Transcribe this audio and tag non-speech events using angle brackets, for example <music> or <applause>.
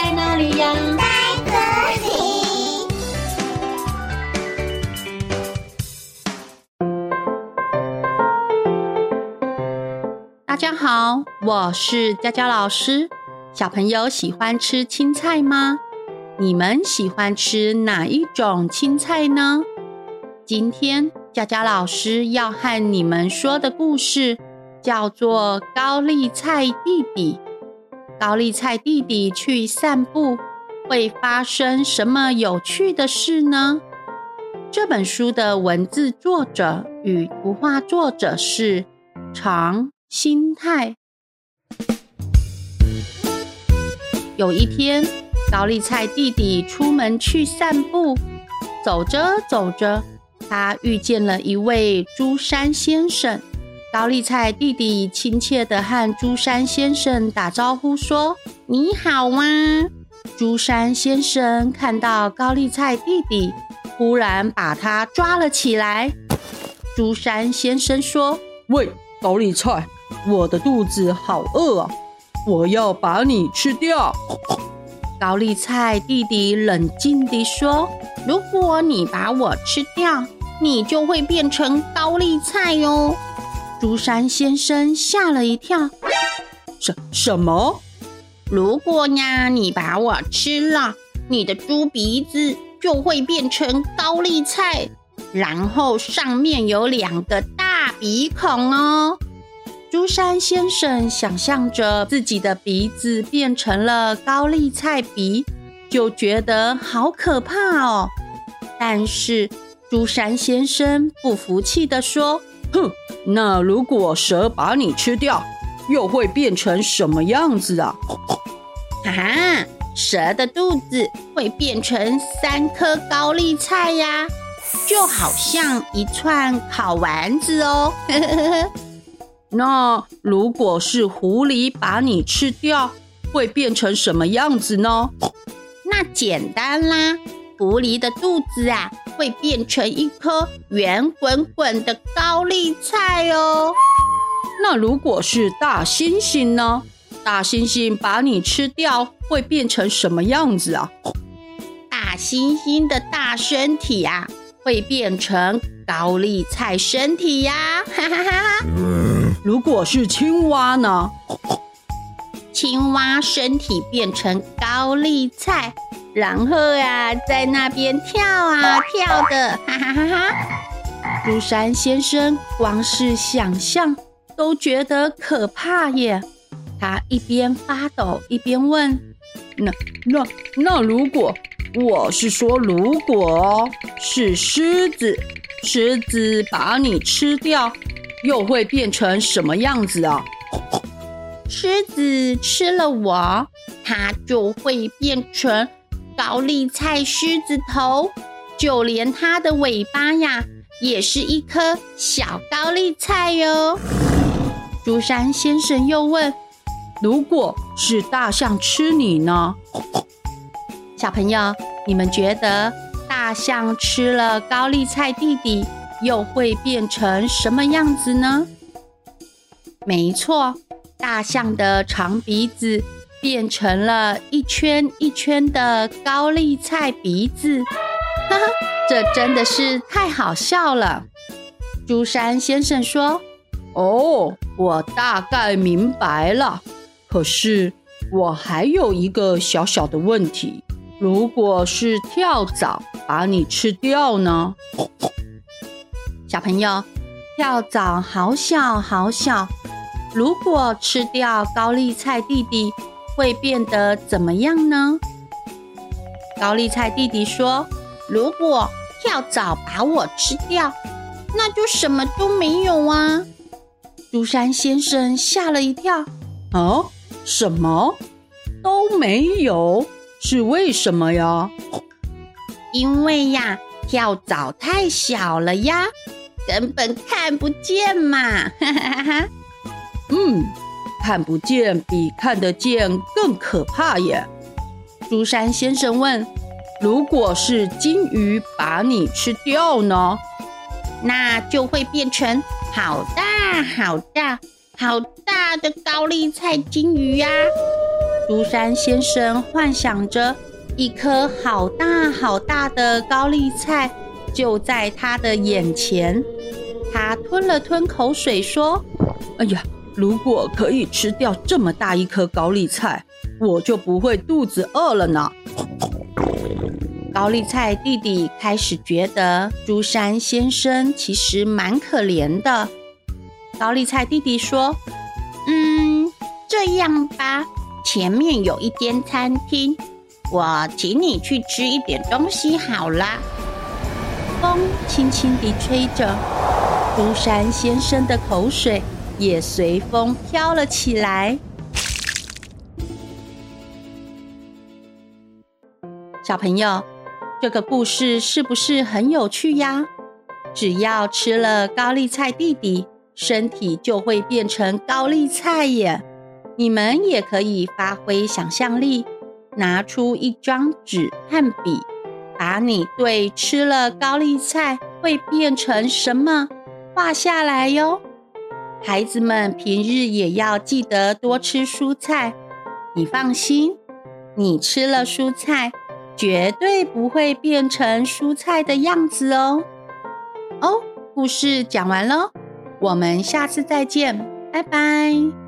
在哪裡呀、啊？在這裡。大家好，我是佳佳老師。小朋友喜歡吃青菜嗎？你們喜歡吃哪一種青菜呢？今天佳佳老師要和你們說的故事叫做高碧碧《高麗菜弟弟》。高麗菜弟弟去散步，會發生什麼有趣的事呢？這本書的文字作者與圖畫作者是長新太。有一天，高麗菜弟弟出門去散步，走着走着，他遇見了一位豬山先生。高麗菜弟弟親切地和朱山先生打招呼說：“你好嗎？”朱山先生看到高麗菜弟弟，忽然把他抓了起來。朱山先生說：“喂，高麗菜，我的肚子好餓啊，我要把你吃掉。”高麗菜弟弟冷靜地說：“如果你把我吃掉，你就會變成高麗菜哦。”朱山先生嚇了一跳，什什麼？如果呀，你把我吃了，你的豬鼻子就會變成高麗菜，然後上面有兩個大鼻孔哦。朱山先生想象着自己的鼻子變成了高麗菜鼻，就覺得好可怕哦。但是朱山先生不服氣的說：“哼！”那如果蛇把你吃掉，又會變成什麼樣子啊？啊，蛇的肚子會變成三顆高麗菜呀，啊，就好像一串烤丸子哦。 <laughs> 那如果是狐狸把你吃掉，會變成什麼樣子呢？那簡單啦，狐狸的肚子啊。會變成一顆圓滾滾的高麗菜哦。那如果是大猩猩呢？大猩猩把你吃掉，會變成什麼樣子啊？大猩猩的大身體啊，會變成高麗菜身體呀！哈哈哈哈，如果是青蛙呢？青蛙身體變成高麗菜。然後呀、啊，在那邊跳啊跳的，哈哈哈哈。蘇珊山先生光是想象都覺得可怕耶。他一邊發抖，一邊問：“那、那、那如果我是說，如果是獅子，獅子把你吃掉，又會變成什麼樣子啊？”獅子吃了我，它就會變成。高麗菜獅子頭，就連它的尾巴呀，也是一顆小高麗菜喲、哦。朱山先生又問：“如果是大象吃你呢？”小朋友，你們覺得大象吃了高麗菜弟弟，又會變成什麼樣子呢？沒錯，大象的長鼻子。變成了一圈一圈的高麗菜鼻子，哈哈，這真的是太好笑了。朱山先生說：“哦，我大概明白了。可是我還有一個小小的問題：如果是跳蚤把你吃掉呢？”小朋友，跳蚤好小好小，如果吃掉高麗菜弟弟。會變得怎麼樣呢？高麗菜弟弟說：“如果跳蚤把我吃掉，那就什麼都沒有啊！”蘇山先生嚇了一跳：“哦、啊，什麼都沒有？是為什麼呀？”“因為呀，跳蚤太小了呀，根本看不見嘛！”哈哈哈哈。嗯。看不見比看得見更可怕耶！豬山先生問：“如果是金魚把你吃掉呢？那就會變成好大好大好大的高麗菜金魚呀！”豬山先生幻想着一顆好大好大的高麗菜就在他的眼前，他吞了吞口水說：“哎呀！”如果可以吃掉這麼大一顆高麗菜，我就不會肚子餓了呢。高麗菜弟弟開始覺得朱山先生其實蠻可憐的。高麗菜弟弟說：“嗯，這樣吧，前面有一間餐廳，我請你去吃一點東西，好啦。”風輕輕地吹着朱山先生的口水。也隨風飄了起來。小朋友，這個故事是不是很有趣呀？只要吃了高麗菜弟弟，身體就會變成高麗菜耶。你們也可以發揮想象力，拿出一張紙和筆，把你對吃了高麗菜會變成什麼畫下來喲。孩子們平日也要記得多吃蔬菜。你放心，你吃了蔬菜，絕對不會變成蔬菜的樣子哦。哦，故事講完嘍，我們下次再見，拜拜。